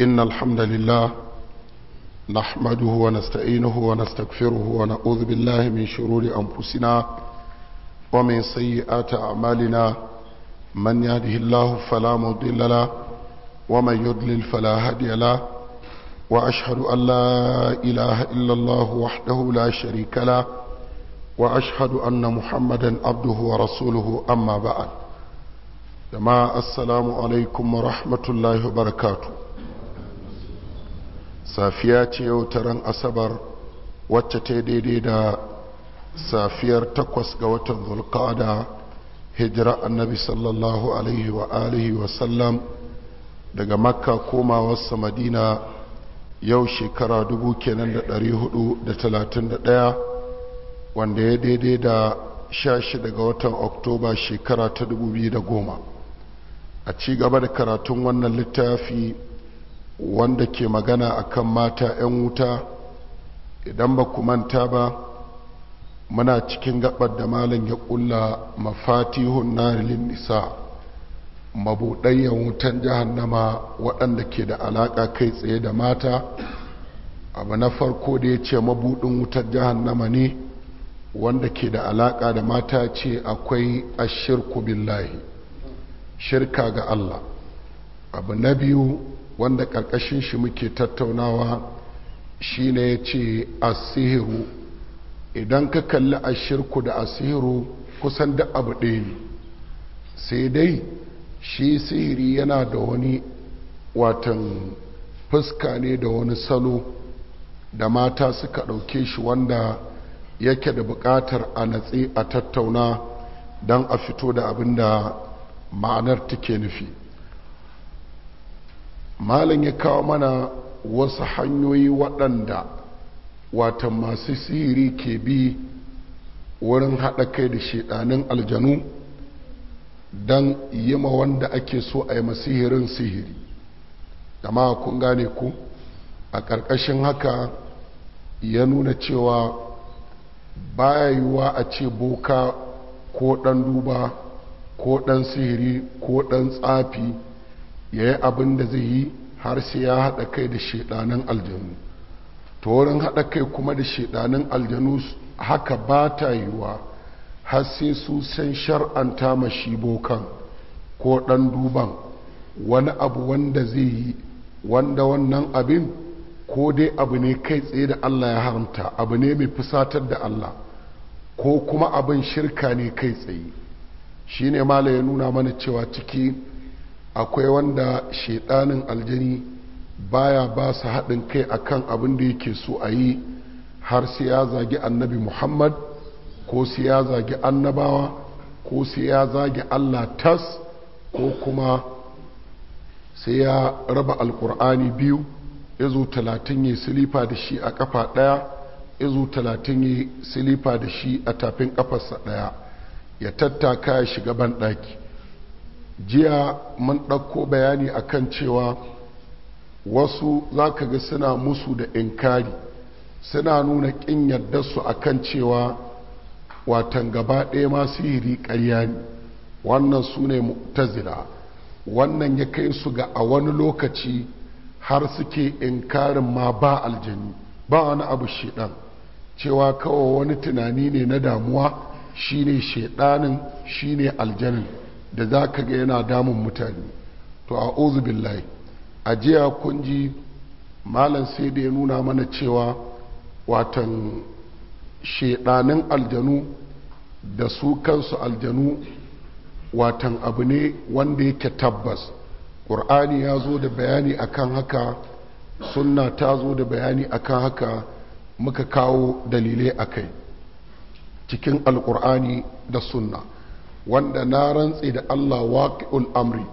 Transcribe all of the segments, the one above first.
إن الحمد لله نحمده ونستعينه ونستغفره ونعوذ بالله من شرور أنفسنا ومن سيئات أعمالنا من يهده الله فلا مضل له ومن يضلل فلا هادي له وأشهد أن لا إله إلا الله وحده لا شريك له وأشهد أن محمدا عبده ورسوله أما بعد جماعة السلام عليكم ورحمة الله وبركاته safiya ce yau ran asabar wacce ta daidai da safiyar takwas ga watan zulkada hijira annabi sallallahu alaihi wa alihi wa sallam daga makka komawarsa madina yau shekara dubu kenan da dari hudu da talatin da ɗaya wanda ya daidai da sha shi daga watan oktoba shekara ta dubu biyu da goma a ci gaba da karatun wannan littafi wanda ke magana akan mata 'yan wuta idan ba ku manta ba muna cikin gabar da malam ya kulla mafatihun narilin nisa mabuɗayyar wutan nama waɗanda ke da alaƙa kai tsaye da mata abu na farko da ya ce mabuɗin wutar nama ne wanda ke da alaƙa da mata ce akwai ashirku billahi shirka ga Allah abu na biyu wanda ƙarƙashin shi muke tattaunawa shi ne ya ce asihiru idan ka kalli ashirku da asihiru kusan da abu ɗaya ne sai dai shi sihiri yana da wani watan fuska ne da wani salo da mata suka ɗauke shi wanda yake da buƙatar a natsi a tattauna don a fito da abin da ma'anar take nufi malam ya kawo mana wasu hanyoyi waɗanda wata masu sihiri ke bi wurin haɗa kai da shiɗanin aljanu don yi ma wanda ake so a yi masihirin sihiri dama kun gane ku a ƙarƙashin haka ya nuna cewa baya yiwuwa a ce boka ko ɗan duba ko ɗan sihiri ko ɗan tsafi ya yi abin da zai yi har sai ya haɗa kai da shaidanin aljanu ta wurin haɗa kai kuma da shaidanin aljanu haka ba ta yiwa har sai su san shar'anta mashi bokan ko ɗan duban wani abu wanda zai yi wanda wannan abin ko dai abu ne kai tsaye da allah ya haramta abu ne mai fusatar da allah ko kuma abin shirka ne kai tsaye shi ne ya nuna mana cewa ciki akwai wanda shaidanin aljani baya ba su haɗin kai akan abin da yake so a yi har sai ya zagi annabi muhammad ko sai ya zagi annabawa ko sai ya zagi allah tas ko kuma sai ya raba alkur'ani biyu izu talatin yi silifa da shi a kafa ɗaya izu talatin yi silifa da shi a tafin kafarsa ɗaya ya tattaka ya shiga banɗaki jiya mun ɗauko bayani akan cewa wasu za ka ga suna musu da inkari suna nuna ƙin yardarsu kan cewa watan gaba ɗaya masu ƙarya ne wannan su ne mu'tazila wannan ya kai su ga a wani lokaci har suke inkarin ma ba aljani ba wani abu shiɗan cewa kawai wani tunani ne na damuwa shine shi shine aljanin da za ka ga yana damun mutane to a billahi a jiya kun ji malam sai da ya nuna mana cewa watan shedanin aljanu da su kansu aljanu watan abu ne wanda yake tabbas ƙur'ani ya zo da bayani akan haka sunna ta zo da bayani akan haka muka kawo dalilai a kai cikin alƙur'ani da sunna wanda na rantse da Allah waqi'ul amri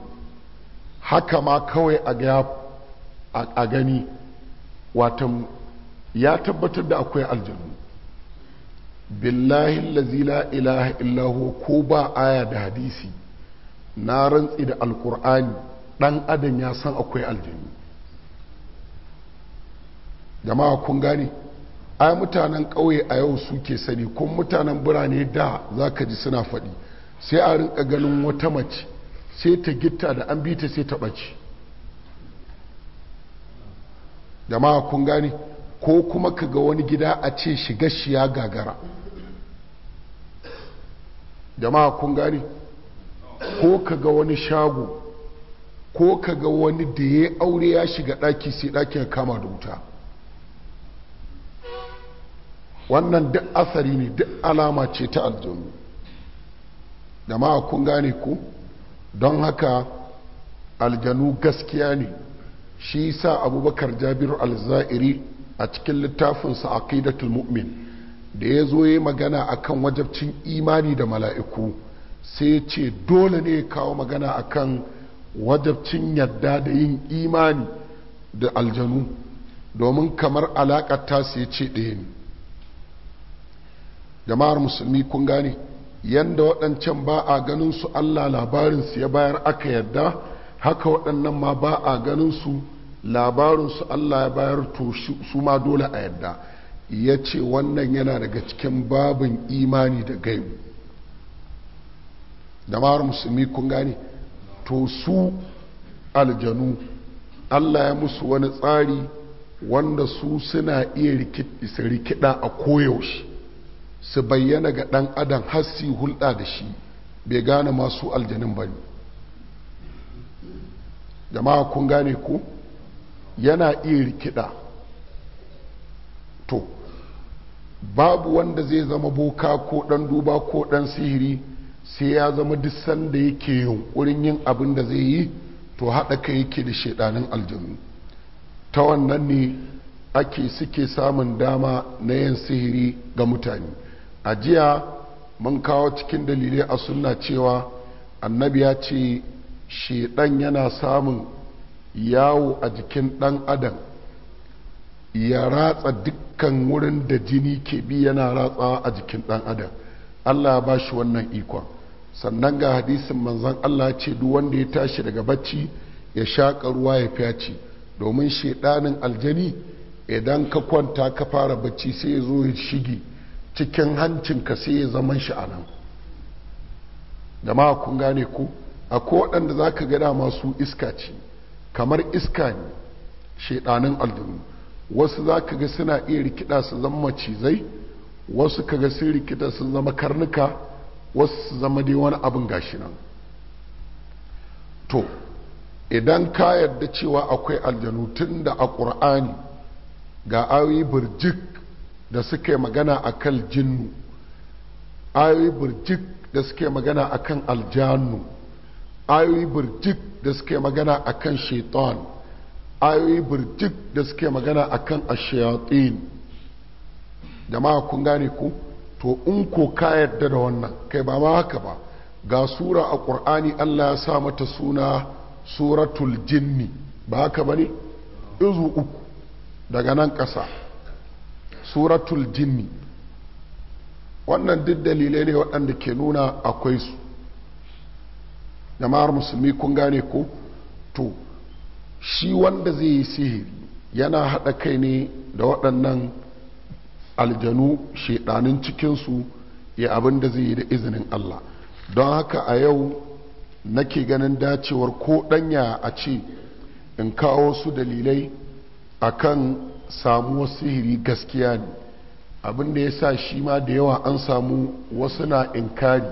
haka ma kawai a gani watan ya tabbatar da akwai aljannu billahi allazi la ilaha illahu ko ba aya da hadisi na rantsi da alkur'ani dan adam ya san akwai aljannu jama'a kun gane ai mutanen ƙauye a yau suke sani kun mutanen birane da zaka ji suna faɗi sai a rinka ganin wata mace sai ta gitta da an bi ta sai ta ɓace jama'a kun gane ko kuma ka ga wani gida a ce shiga shi ya gagara jama'a kun gane ko ka ga wani shago ko ka ga wani da ya aure ya shiga ɗaki sai ɗaki ya kama da wuta wannan duk asari ne duk alama ce ta aljanu jama'a kun gane ku don haka aljanu gaskiya ne shi sa abubakar jabiru alza'iri a cikin littafinsa a kaidatul mu'min da ya zo ya magana akan wajabcin imani da mala'iku sai ce dole ne ya kawo magana akan wajabcin yadda da yin imani da aljanu domin kamar alaƙar ta sai ce ɗaya ne jama'ar musulmi kun gane yanda waɗancan ba a ganin su Allah labarinsu ya bayar aka yadda haka waɗannan ma ba a ganin su labarinsu Allah ya bayar to su ma dole a yadda ya ce wannan yana daga cikin babin imani da gaibu da mara musulmi kun gane to su aljanu Allah ya musu wani tsari wanda su suna iya rikida a koyaushe su bayyana ga ɗan adam har hulɗa da shi bai gane masu aljanin ba jama'a kun gane ku yana iya rikida to babu wanda zai zama boka ko ɗan duba ko ɗan sihiri sai ya zama duk sanda yake yunkurin yin abin da zai yi to haɗa kai yake da shaidanin aljanu ta wannan ne ake suke samun dama na yin sihiri ga mutane a jiya mun kawo cikin dalilai a sunna cewa annabi ya ce shedan yana samun yawo a jikin dan adam ya ratsa dukkan wurin da jini ke bi yana ratsawa a jikin dan adam allah ba shi wannan ikon sannan ga hadisin manzan allah ce duk wanda ya tashi daga bacci ya shaƙa ruwa ya fyaci domin shedanin aljani idan ka kwanta ka fara bacci sai ya zo ya shige cikin hancinka sai ya zama shi a nan da ma kun gane ku, a waɗanda za ka gada masu iska ce kamar iska ne shaidanin aldunu wasu za ka ga suna iya rikida su zama macizai wasu ka ga sun rikida su zama karnuka wasu su zama dai wani abin gashi nan to idan ka yarda cewa akwai aljanu tun da a ƙur'ani ga awi birjik da suke magana a kan jinnu ayoyi burjik da suke magana a kan aljanu ayoyi burjik da suke magana a kan shaitan ayoyi burjik da suke magana a kan ashayatin jama'a kun gane ku to in ko ka yarda da wannan kai ba ma haka ba ga sura a ƙur'ani allah ya sa mata suna suratul jinni ba haka ba ne izu uku daga nan ƙasa suratul jinni wannan duk dalilai ne waɗanda ke nuna akwai su jama'ar musulmi kun gane ko to shi wanda zai yi sihiri yana haɗa kai ne da waɗannan aljanu shaidanin cikinsu ya abin da zai yi da izinin Allah don haka a yau nake ganin dacewar ko ɗanya a ce in kawo su dalilai akan samuwar sihiri gaskiya ne abin da ya sa shi ma da yawa an samu wasu na inkari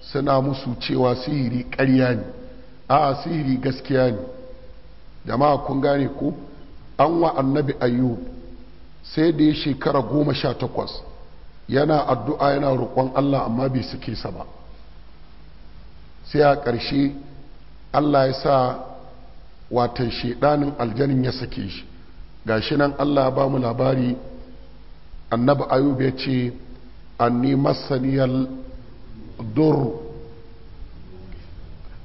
suna musu cewa sihiri ƙarya ne a sihiri gaskiya ne jama'a kun gane ko an wa annabi ayyub sai da ya shekara goma sha takwas yana addu'a yana roƙon allah amma bai suke sa ba sai a ƙarshe allah ya sa watan shaidanin aljanin ya sake shi gashi nan Allah ba mu labari annabi ayub ya ce anni masaniyal dur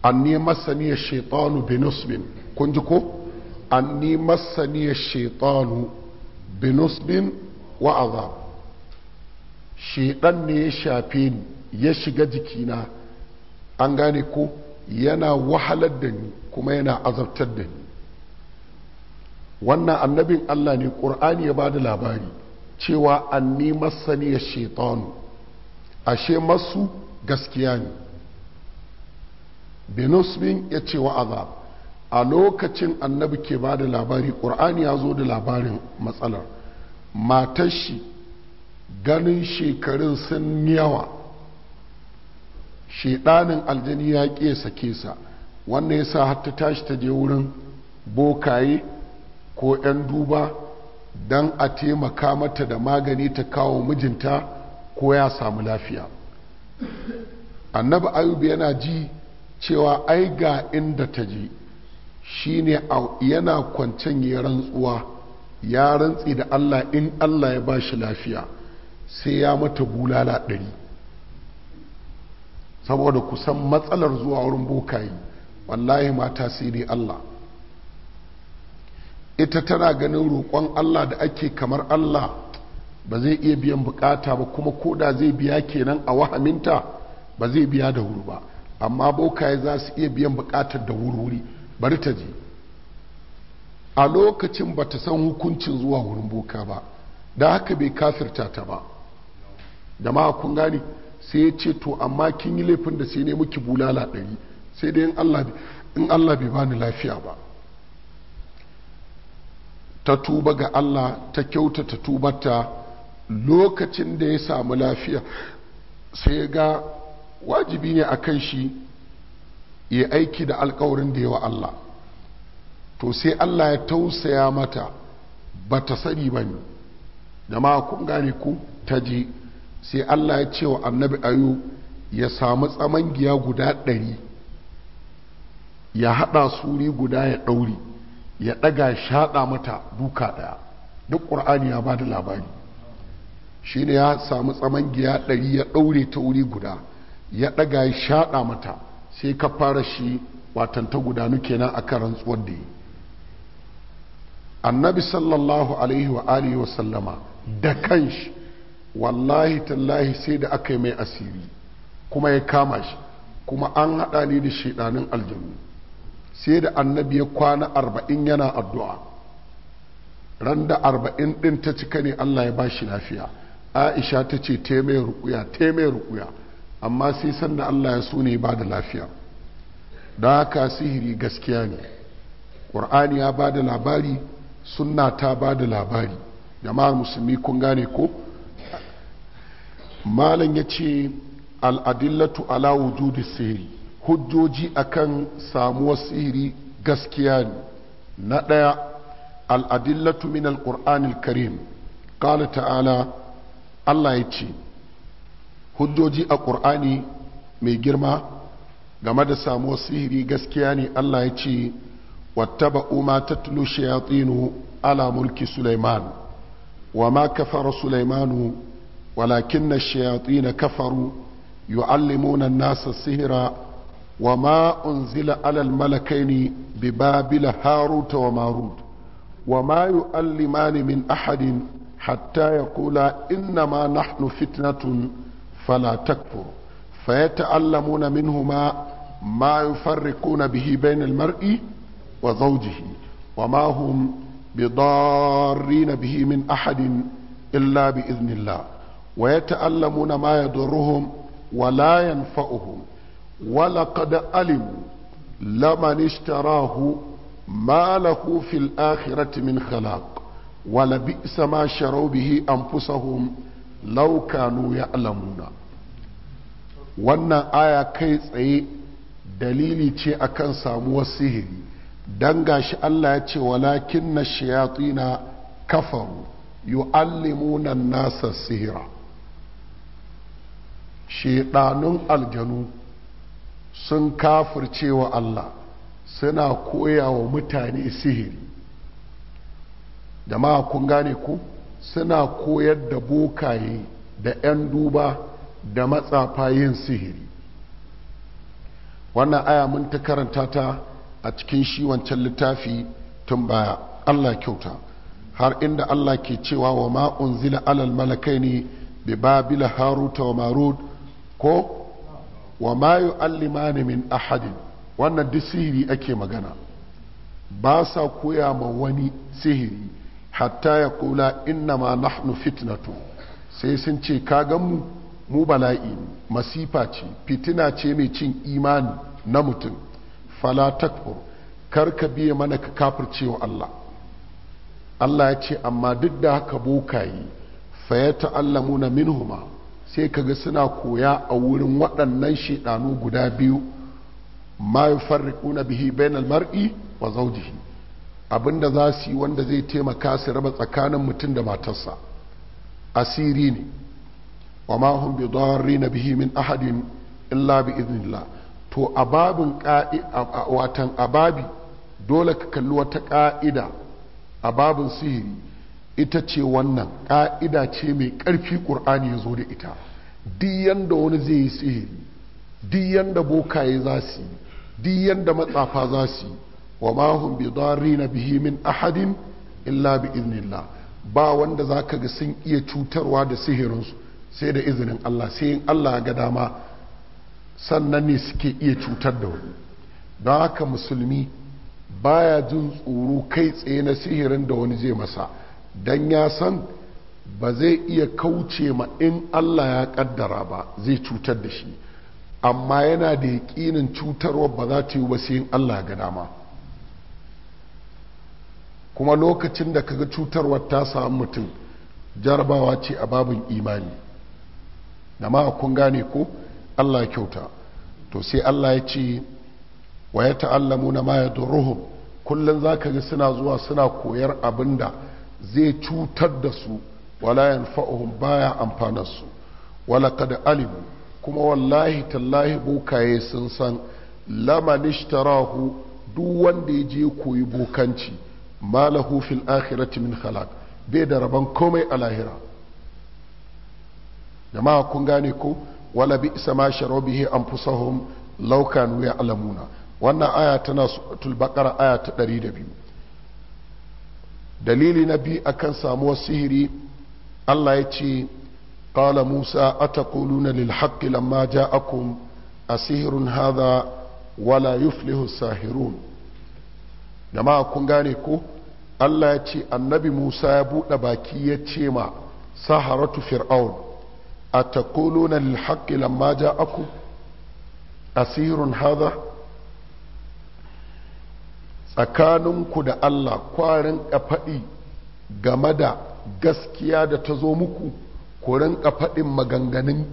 anni masaniyar shaitanu binusbin kun ji ko anni masaniyar shaitanu wa azab ne ya shafe ni ya shiga jikina an gane ko yana wahalar da ni kuma yana azabtar da ni wannan annabin Allah ne ƙur'ani ya ba da labari cewa anni masani ya shaitanu ashe masu gaskiya ne benusbin ya ce wa a lokacin annabi ke ba da labari ƙur'ani ya zo da labarin matsalar matashi ganin shekarun sun yawa shaidanin aljani ya kesa kesa wannan ya sa har ta tashi ta je wurin bokaye ko 'yan duba don a taimaka mata da magani ta kawo mijinta ko ya samu lafiya annabi ayubu yana ji cewa ai ga inda ta je shine yana kwancen ya rantsuwa ya rantsi da allah in allah ya bashi lafiya sai ya mata bulala ɗari saboda kusan matsalar zuwa wurin bokayi wallahi mata sai dai allah ita tana ganin roƙon Allah da ake kamar Allah ba zai iya biyan bukata ba kuma koda zai biya kenan a wahaminta ba zai biya da wuri ba amma bokaye za su iya biyan bukatar da wuri bari ta je a lokacin ba ta san hukuncin zuwa wurin boka ba da haka bai kafirta ta ba da ma kun gani sai ya ce to amma kin yi laifin da sai ne muke bulala ɗari sai dai in Allah bai bani lafiya ba ta tuba ga Allah ta kyauta ta tubarta lokacin da ya samu lafiya sai ya ga wajibi ne a kan shi ya aiki da alkawarin da yawa Allah to sai Allah ya tausaya mata ba ta sani ba ne ma kun gane ku ta ji sai Allah ya ce wa annabi ayu ya samu tsamangiya guda ɗari ya haɗa suri guda ya ɗauri ya ɗaga shaɗa mata duka ɗaya duk ƙur'ani ya ba da labari shi ne ya samu tsaman giya ɗari ya ɗaure ta wuri guda ya ɗaga shaɗa mata sai ka fara shi watan ta gudanu kenan a karan tsuwar da yi annabi sallallahu alaihi wa alihi wa sallama da kanshi wallahi tallahi sai da aka yi mai asiri kuma ya kama shi kuma an haɗa ne da shaidanin aljanu sai da annabi ya kwana arba'in yana addu'a ran da arba'in ɗin ta cika ne allah ya bashi lafiya aisha ta ce taimai rukuya taimai rukuya amma sai sanda allah ya so ba da lafiya da haka sihiri gaskiya ne ƙur'ani ya ba da labari sunna ta ba da labari jama'ar musulmi kun gane ko malam ya ce al'adillatu ala wujudi sihiri hujjoji akan samuwar sihiri gaskiya ne na ɗaya al'adillatu min alƙur'anil karim ƙala ta'ala Allah ya ce hujjoji a ƙur'ani mai girma game da samuwar sihiri gaskiya ne Allah ya ce wattaba umar ta tulu shayatinu ala mulki Sulaiman wa ma kafara Sulaimanu walakin na shayatina kafaru yu'allimuna nasa sihira وما أنزل على الملكين ببابل هاروت وماروت وما يؤلمان من أحد حتى يقولا إنما نحن فتنة فلا تكفر فيتعلمون منهما ما يفرقون به بين المرء وزوجه وما هم بضارين به من أحد إلا بإذن الله ويتألمون ما يضرهم ولا ينفعهم ولقد علموا لمن اشتراه ما له في الآخرة من خلاق ولبئس ما شروا به أنفسهم لو كانوا يعلمون wannan aya kai tsaye dalili ce akan samuwar sihiri don shi Allah ya ce walakin na shayatina kafaru yu'allimuna nasa sihira Shiɗanun aljanu sun kafircewa Allah suna koya wa mutane sihiri da kun gane ku suna koyar da bokaye da 'yan duba da matsafa yin sihiri wannan aya mun ta karanta ta a cikin shi wancan littafi tun baya Allah kyauta har inda Allah ke cewa wa ma'un zila alal malakai ne bi babila haruta wa marud ko wa ma yu'allimani min ahadin wannan duk sihiri ake magana ba sa koya ma wani sihiri hatta ya kula inna ma nahnu fitnatu sai sun ce kagan mu mu bala'i masifa ce fitina ce mai cin imani na mutum fala takfur kar ka biye mana ka kafirce wa Allah Allah ya ce amma duk da haka bokaye fa ya ta'allamuna minhuma sai kaga suna koya a wurin waɗannan shedanu guda biyu ma na bihi bainal mar'i wa zawjihi abinda za su yi wanda zai taimaka su raba tsakanin mutum da matarsa asiri ne wa ma hum na bihi min ahadin illa bi idnillah to a babin watan ababi dole ka kalli wata ka'ida a babin sihiri ita ce wannan ƙa'ida ce mai ƙarfi ƙur'ani ya zo da ita diyan da wani zai yi sihiri diyan da bokaye za su yi diyan da matsafa za su yi wa mahun bi zari na bihi min ahadin illa bi iznillah ba wanda za ka ga sun iya cutarwa da sihirinsu sai da izinin Allah sai in Allah ga dama sannan ne suke iya cutar da wani don haka musulmi baya jin tsoro kai tsaye na sihirin da wani zai masa don ya san ba zai iya kauce ma in Allah ya kaddara ba zai cutar da shi amma yana da yaƙinin cutarwa ba za ta yi wasu yin Allah ga dama kuma lokacin da kaga cutarwa ta samu mutum jarabawa ce a babin imani da ma kun gane ko Allah kyauta to sai Allah ya ce wa ya ta'allamu na ma ya kullum za ka ga suna zuwa suna koyar abin da zai cutar da su wala fa’uhun baya amfanar su wala kada alibu kuma wallahi tallahi bokaye sun san laman ishtarahu duk wanda ya je koyi bokanci malahu fil akhirati min khalaq bai da rabon komai a lahira jama'a kun gane ko wala bi isa ma sharo bihi anfusahum laukan wuya alamuna wannan aya tana tulbaƙar aya ta 102 dalili na biyu akan samuwar sihiri Allah ya ce qala Musa ataquluna lil haqqi lamma ja'akum asihirun hadha wala yuflihu sahirun jama'a kun gane ko Allah ya ce annabi Musa ya buɗe baki ya ce ma saharatu fir'aun ataquluna lil lamma ja'akum asihirun hadha tsakaninku da Allah kwarin ƙafaɗi game da gaskiya da ta zo muku ku ƙafaɗin faɗin maganganun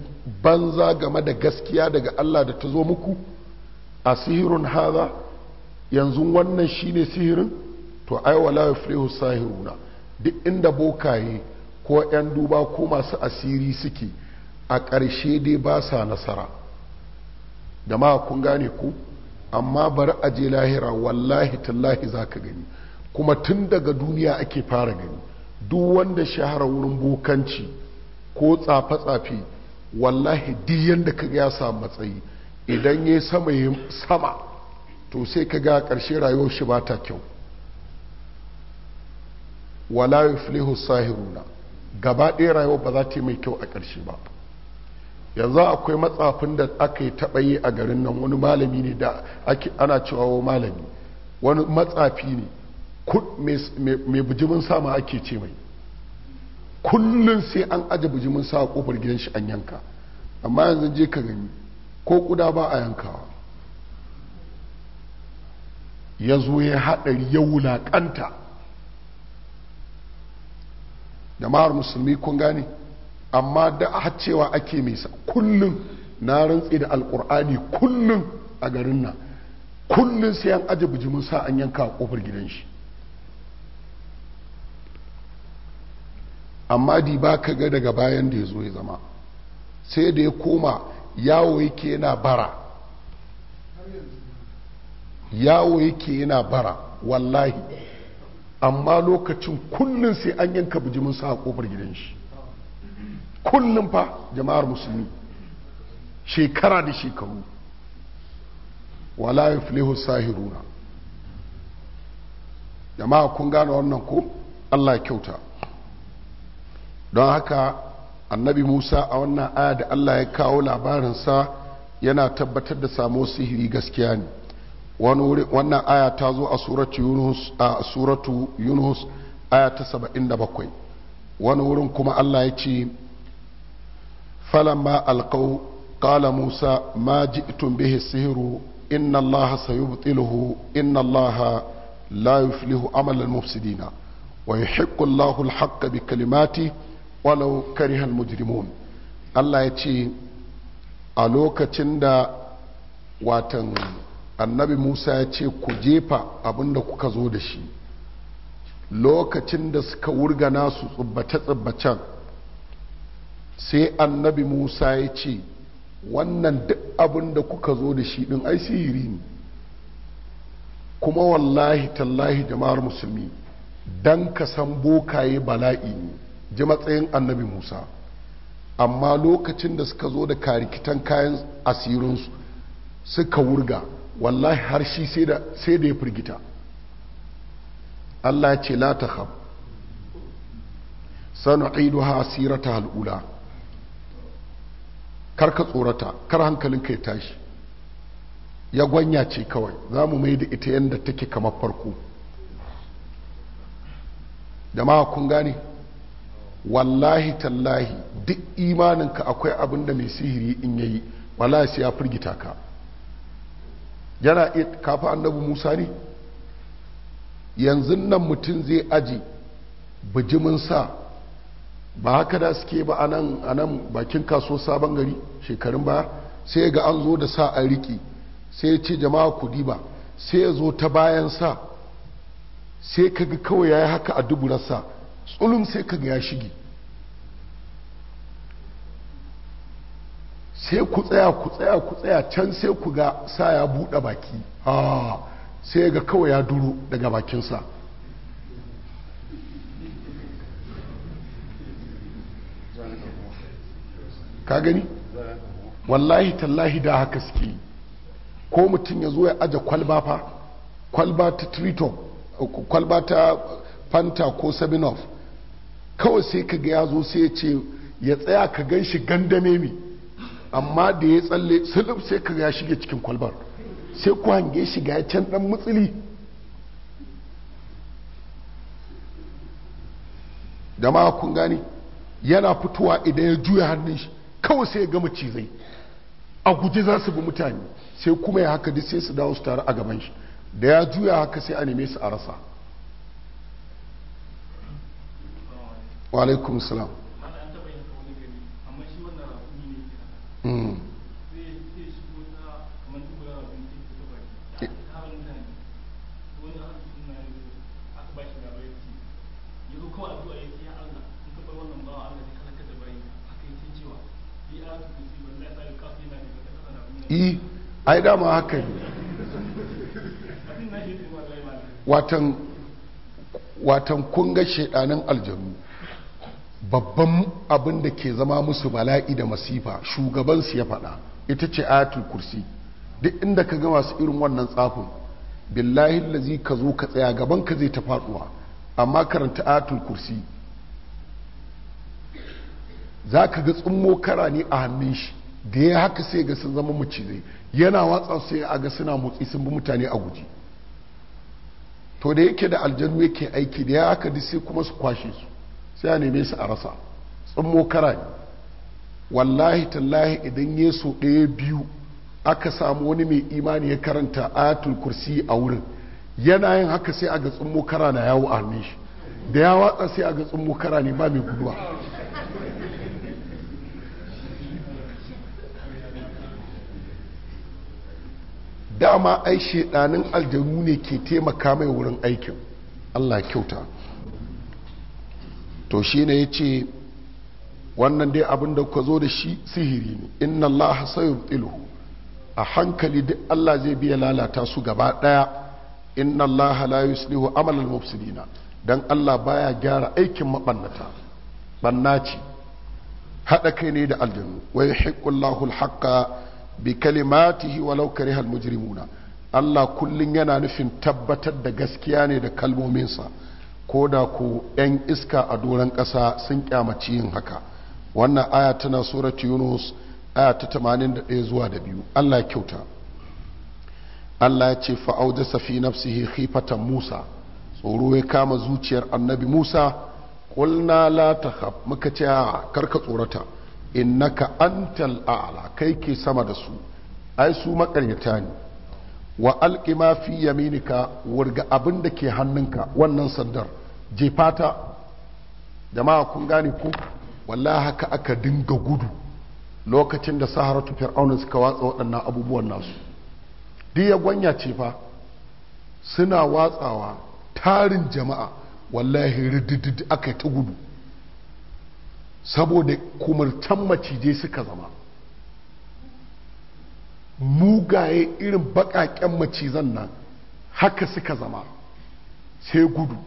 banza game da gaskiya daga Allah da ta zo muku a sihirin haza yanzu wannan shine sihirin to ai wala yuflihu sahiruna duk inda bokaye ko 'yan duba ko masu asiri suke a ƙarshe dai ba sa nasara da ma kun gane ku amma bari a je lahira wallahi tallahi za ka gani kuma tun daga duniya ake fara gani duk wanda shahara wurin bokanci ko tsafe-tsafe wallahi duk yadda ka ga ya samu matsayi idan ya sama yi sama to sai ka ga ƙarshe rayuwar shi ba ta kyau wallahi yuflihu sahiruna gaba ɗaya rayuwar ba za ta yi mai kyau a ƙarshe ba yanzu akwai matsafin da aka yi taɓa yi a garin nan wani malami ne da ana cewa wa malami wani matsafi ne mai bijimin sama ake ce mai kullum sai an aje bijimin sa a kofar gidan shi an yanka amma yanzu je ka gani ko kuda ba a yankawa ya zo ya haɗari ya wulaƙanta da jama'ar musulmi kun gane amma da a cewa ake mai sa kullum na rantse da alkur'ani kullum a garin nan kullum sai an aje bijimin sa an yanka a kofar gidan shi amma di ba ka ga daga bayan da ya zo ya zama sai da ya koma yawo yake yana bara yawo yake yana bara wallahi amma lokacin kullum sai an yanka bijimin sa a kofar gidan shi kullum fa jama'ar musulmi shekara da shekaru wala yuflihu sahiruna jama'a kun gane wannan ko Allah kyauta don haka annabi Musa a wannan aya da Allah ya kawo labarinsa yana tabbatar da samo sihiri gaskiya ne wannan aya ta zo a suratu yunus a suratu yunus aya ta 77 wani wurin kuma Allah ya ce فلما ألقوا قال موسى ما جئتم به السحر إن الله سيبطله إن الله لا يفله عمل المفسدين ويحق الله الحق بكلماته walau karihal mujrimun Allah ya ce a lokacin da watan annabi Musa ya ce ku jefa abinda kuka zo da shi lokacin da suka wurga nasu tsubbace-tsubbacen sai annabi musa ya ce wannan duk abin da kuka zo da shi ɗin ai sihiri ne kuma wallahi tallahi jama'ar musulmi dan ka san bokaye bala'i ne ji matsayin annabi musa amma lokacin da suka zo da karikitan kayan asirinsu suka wurga wallahi har shi sai da ya firgita allah ce la ta sanu ha asirata al'ula kar ka tsorata kar hankalin ka ya tashi ya gwanya ce kawai za mu mai da ita yadda take kamar farko jama'a kun gane wallahi tallahi duk imaninka akwai abin da mai sihiri in yayi wallahi sai ya firgita ka yana kafa annabi musa ne yanzu nan mutum zai aji bijimin sa ba haka da suke ba a nan bakin kaso sabon gari shekarun baya sai ga an zo da sa a riki sai ce jama'a ku diba sai ya zo ta bayan sa sai kaga kawai ya yi haka a duburarsa tsulun sai kaga ya shige sai ku tsaya ku tsaya ku tsaya can sai ku ga sa ya buɗe baki ah, sai ga kawai ya duro daga bakinsa ka gani wallahi tallahi da haka suke ko mutum ya zo ya aje kwalba fa kwalba ta triton kwalba ta fanta ko sabinov kawai sai ka ga ya zo sai ya ce ya tsaya ka gan shi gandame mi amma da ya tsalle sulub sai ka ya shige cikin kwalbar sai ku hange shi ga can dan mutsili da ma kun gani yana fitowa idan ya juya hannun shi kawai sai ya gama cizai a guje za su bi mutane sai kuma ya haka duk sai su dawo su taru a gaban shi da ya juya haka sai a neme su a rasa wa salam ai dama haka ne watan kunga kun ga aljanu babban abin da ke zama musu bala'i da masifa shugabansu ya faɗa ita ce ayatul kursi duk inda ka ga masu irin wannan tsafin billahi lazi ka zo ka tsaya gaban ka zai ta faɗuwa amma karanta ayatul kursi za ka ga tsummo kara ne a hannun shi da ya haka sai ga sun zama macizai yana watsa sai a ga suna motsi sun bi mutane a guji to da yake da aljanu yake aiki da ya haka duk sai kuma su kwashe su sai a neme su a rasa tsammo kara ne wallahi tallahi idan yeso ɗaya biyu aka samu wani mai imani ya karanta ayatul kursi a wurin yana yin haka sai a ga tsammo kara na yawo a hannun shi da ya watsa sai a ga tsammo kara ne ba mai guduwa dama ai shedanin aljanu ne ke taimaka mai wurin aikin allah kyauta to shi ne ya ce wannan dai abin da kuka zo da shi sihiri ne inna allaha sayubtiluhu a hankali duk allah zai biya lalata su gaba daya inna allaha la yuslihu amal mufsidina dan allah baya gyara aikin mabannata Bannaci. Haɗa kai ne da aljanu Wai yuhiqqu allahu al bi kalimatihi walau kariha almujrimuna Allah kullun yana nufin tabbatar da gaskiya ne da kalmominsa ko da ku 'yan iska a doron ƙasa sun kyamaci yin haka wannan aya tana surat yunus aya ta 81 zuwa da biyu Allah kyauta Allah ya ce fa'auda safi nafsihi khifatan Musa tsoro ya kama zuciyar annabi Musa qulna la takhaf muka ce karka tsorata innaka antal a'la kai ke sama da su ai su makaryata ne wa alqi ma fi yaminika wurga abin da ke hannunka wannan sandar jefata jama'a kun gane ku wallahi haka aka dinga gudu lokacin da saharatu fir'auna suka watsa waɗannan abubuwan nasu diya gwanya ce fa suna watsawa tarin jama'a wallahi rididid aka ta gudu saboda kumurtan macijai suka zama mugaye irin baƙaƙen macizan nan haka suka zama sai gudu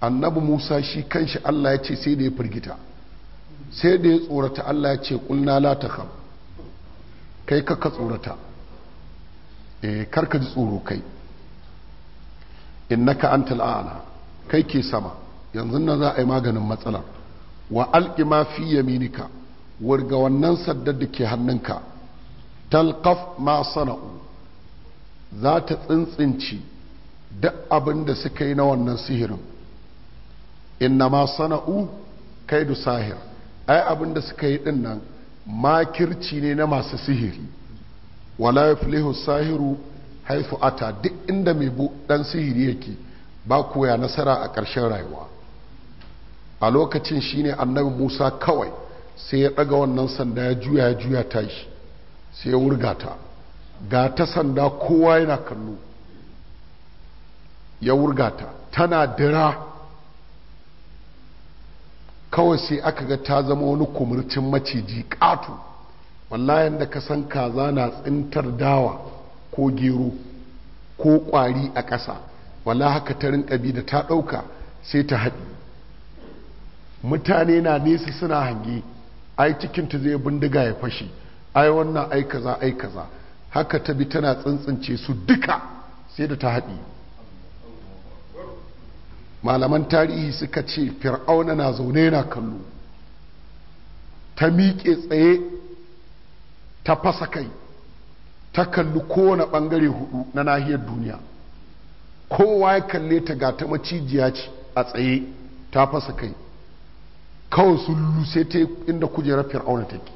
annabi musa shi kanshi allah ya ce sai da ya firgita sai da ya tsorata allah ya ce ƙulna la ta kai ka tsorata eh karka ji tsoro kai innaka anta al'ana kai ke sama yanzu nan za a yi maganin matsalar wa alƙi fi yaminika wurga wannan saddar da ke hannunka talqaf ma sana'u za ta tsintsinci duk abin da suka yi na wannan sihirin inna ma sana'u kaidu sahir ai abin da suka yi din nan makirci ne na masu sihiri wala yuflihu sahiru haifu ata duk inda mai dan sihiri yake ba koya nasara a ƙarshen rayuwa a lokacin shine annabi musa kawai sai ya ɗaga wannan sanda ya juya ya juya ta shi sai ya wurga ta ga ta sanda kowa yana kallo ya wurga ta tana dira kawai sai aka ga ta zama wani kumurcin maciji ƙato wallahi da ka san kaza na tsintar dawa ko gero ko ƙwari a ƙasa wala haka ta rinƙa bi da ta ɗauka sai ta haɗi mutane na nesa suna hange ai cikinta zai bindiga ya fashi ai wannan ai kaza ai kaza haka ta bi tana tsantsance su duka sai da ta haɗi malaman tarihi suka ce fir'auna na zaune na kallo ta miƙe tsaye ta fasa kai ta kalli kowane ɓangare hudu na nahiyar duniya kowa ya kalle ta ga ta macijiya ce a tsaye ta fasa kai kawai sun luse ta inda kujerar fir'auna take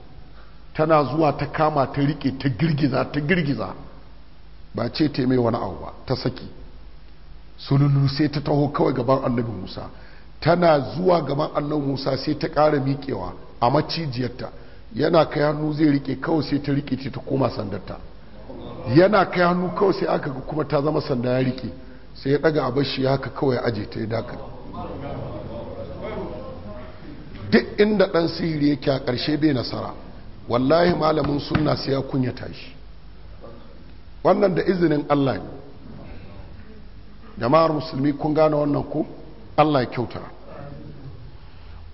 tana zuwa ta kama ta rike ta girgiza ta girgiza ba ce ta mai wani abu ba ta saki sun luse ta taho kawai gaban annabi musa tana zuwa gaban annabi musa sai ta ƙara miƙewa a macijiyarta yana kai hannu zai rike kawai sai ta rike ta koma sandarta yana kai hannu kawai sai aka kuma ta zama sanda ya rike sai ya daga abashi haka kawai ya aje ta ya dakar duk inda ɗan sihiri yake a ƙarshe bai nasara wallahi malamin sunna sai ya kunyata shi wannan da izinin allah ne jama'ar musulmi kun gane wannan ku allah ya kyauta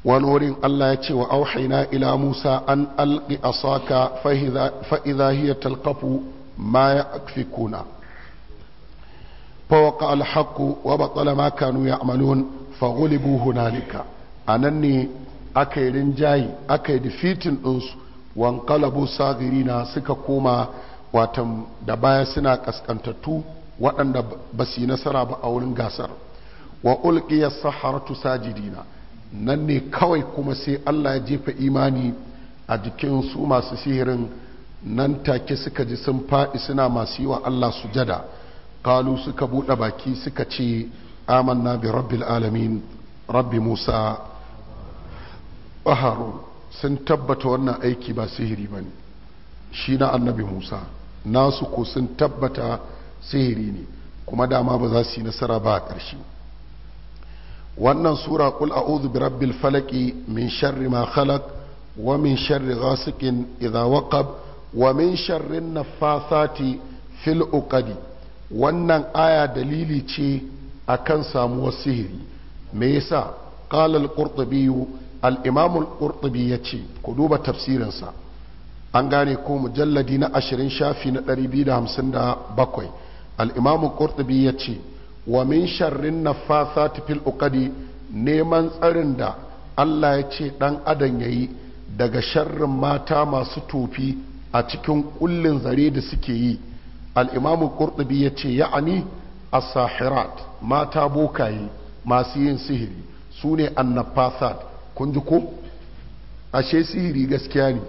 wani wurin allah ya ce wa auhaina ila musa an alƙi asaka fa'iza hiya talqafu ma ya akfikuna فوقع الحق وبطل ما كانوا يعملون فغلبوا هنالك ne. aka yi rinjayi aka yi defeating ɗinsu wankalabu na suka koma watan da baya suna kaskantattu waɗanda ba su yi nasara ba a wurin gasar wa ulkiya saharatu sajidina nan ne kawai kuma sai allah ya jefa imani a jikin su masu sihirin nan take suka ji sun faɗi suna masu yi wa allah sujada kalu suka buɗe baki suka ce amanna bi rabbil alamin rabbi musa baharu sun tabbata wannan aiki ba sihiri ba ne shi na annabi musa nasu ko sun tabbata sihiri ne kuma dama ba za su yi nasara ba a ƙarshe wannan sura kul a'udhu bi rabbil falaki min sharri ma khalaq wa min sharri ghasiqin idha waqab wa min sharri nafathati fil uqadi wannan aya dalili ce akan samuwar sihiri me yasa qala al-qurtubi al'imamun ƙurtubi ya ce ku duba tafsirinsa an gane ko mujalladi na ashirin shafi na 257 al'imamun ƙurtubi ya ce wa min sharrin na fasa tafil uƙadi neman tsarin da allah ya ce ɗan adam ya yi daga sharrin mata masu tofi a cikin ƙullin zare da suke yi al'imamun ƙurtubi ya ce ya'ani a sahirat mata bokaye masu yin sihiri su ne annafasat kun ji ko ashe sihiri gaskiya ne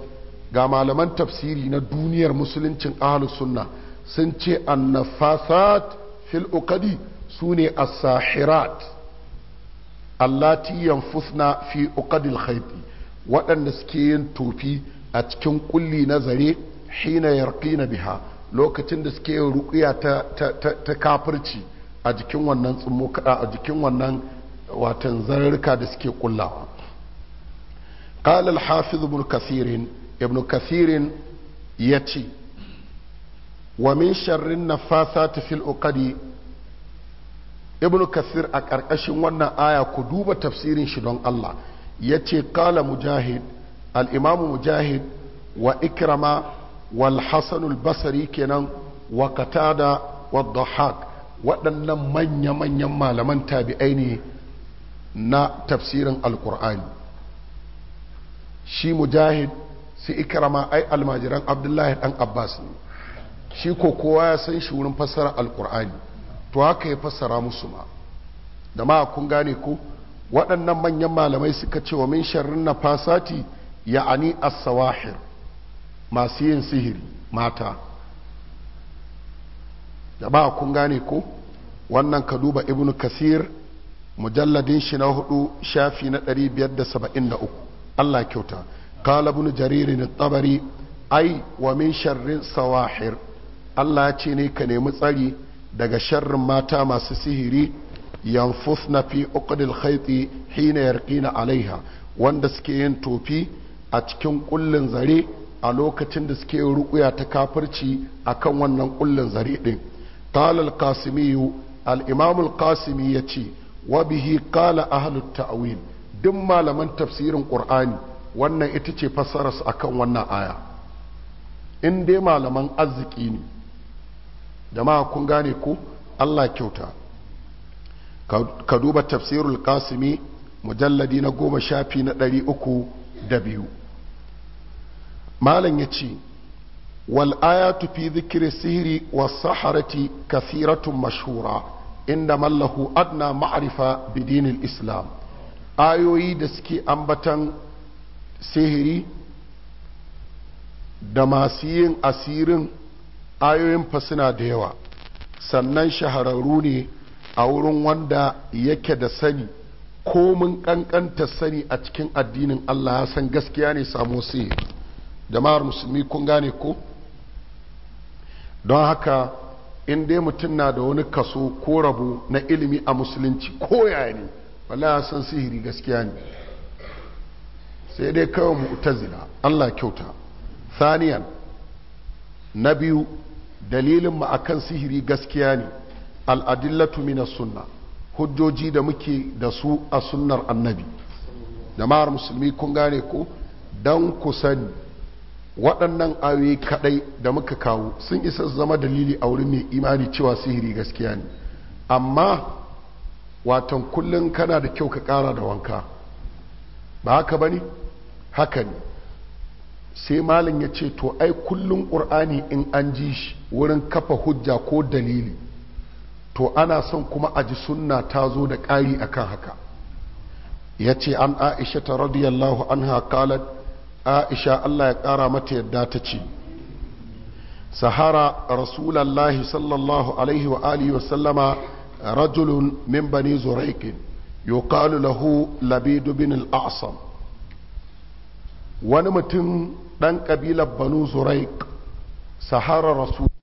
ga malaman tafsiri na duniyar musuluncin ahlu sunna sun ce annafasat fil uqadi sune as-sahirat allati yanfusna fi uqadil khaiti waɗanda suke yin tofi a cikin kulli na zare hina yarqina biha lokacin da suke yin ruqiya ta ta, kafirci a jikin wannan tsummo a jikin wannan watan zararka da suke kullawa قال الحافظ ابن كثير ابن كثير يتي ومن شر النفاثات في الأقد ابن كثير أكركشن ونا آية كدوب تفسير شدون الله يتي قال مجاهد الإمام مجاهد وإكرمة والحسن البصري كنان وقتادة والضحاك waɗannan manya-manyan malaman tabi'ai ne na tafsirin alkur'ani shi mujahid su ikrama ai almajiran abdullahi dan abbas ne shi ko kowa ya san shi wurin fassara alkur'ani to haka ya fassara musu ma da ma kun gane ko waɗannan manyan malamai suka ce wa min sharrin na fasati ya'ani as-sawahir masu yin sihiri mata da ba kun gane ko wannan ka duba ibnu kasir mujalladin shi na hudu shafi na 573 Allah kyauta kala bin jaririn tabari ai wa min sharrin sawahir Allah ce ne ka nemi tsari daga sharrin mata masu sihiri yanfusna fi uqdil khayti hina yarqina alaiha wanda suke yin tofi a cikin kullun zare a lokacin da suke ruƙuya ta kafirci kan wannan kullun zare ɗin. qala al al imamul qasimi yace wa bihi qala ahlut ta'wil duk malaman tafsirin ƙur'ani wannan ita ce fassararsa akan wannan aya in dai malaman arziki ne jama'a kun gane ko Allah kyauta ka duba tafsirul kasimi mujalladi na goma shafi na ɗari uku da biyu malam ya ce wal ayatu fi zikiri sihiri wa saharati kathiratun mashura, inda mallahu adna ma'arifa bidinil islam ayoyi da suke ambatan sihiri da masu yin asirin ayoyin fasina da yawa sannan shahararru ne a wurin wanda yake da sani komin kankanta sani a cikin addinin Allah ya san gaskiya ne samu sihiri jama'ar musulmi kun gane ko don haka in dai mutum na da wani kaso ko rabu na ilimi a musulunci ko ne wala san sihiri gaskiya ne sai dai kawai mu'tazila Allah kyauta saniyan na biyu dalilin mu akan sihiri gaskiya ne al'adillatu min sunna hujjoji da muke da su a sunnar annabi jama'ar musulmi kun gane ko dan ku sani waɗannan ayoyi kaɗai da muka kawo sun isa zama dalili a wurin mai imani cewa sihiri gaskiya ne amma watan kullum kana da kyau ka ƙara da wanka ba haka ba ne haka ne sai malin ya ce to ai kullum ƙur'ani in an ji shi wurin kafa hujja ko dalili to ana son kuma a ji sunna ta zo da ƙari akan haka ya ce an aisha ta radiyallahu an haƙalar aisha allah ya ƙara mata yadda ta ce sahara rasulallah sallallahu alaihi wa alihi wasallama رجل من بني زريك يقال له لبيد بن الأعصم ونمتن بن قبيلة بنو زريك سحر رسول